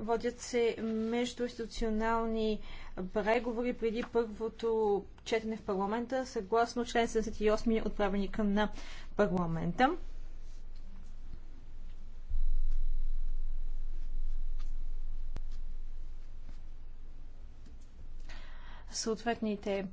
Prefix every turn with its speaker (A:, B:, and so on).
A: Водят се междуинституционални преговори преди първото четене в парламента, съгласно член 78 от правилника на парламента.
B: Съответните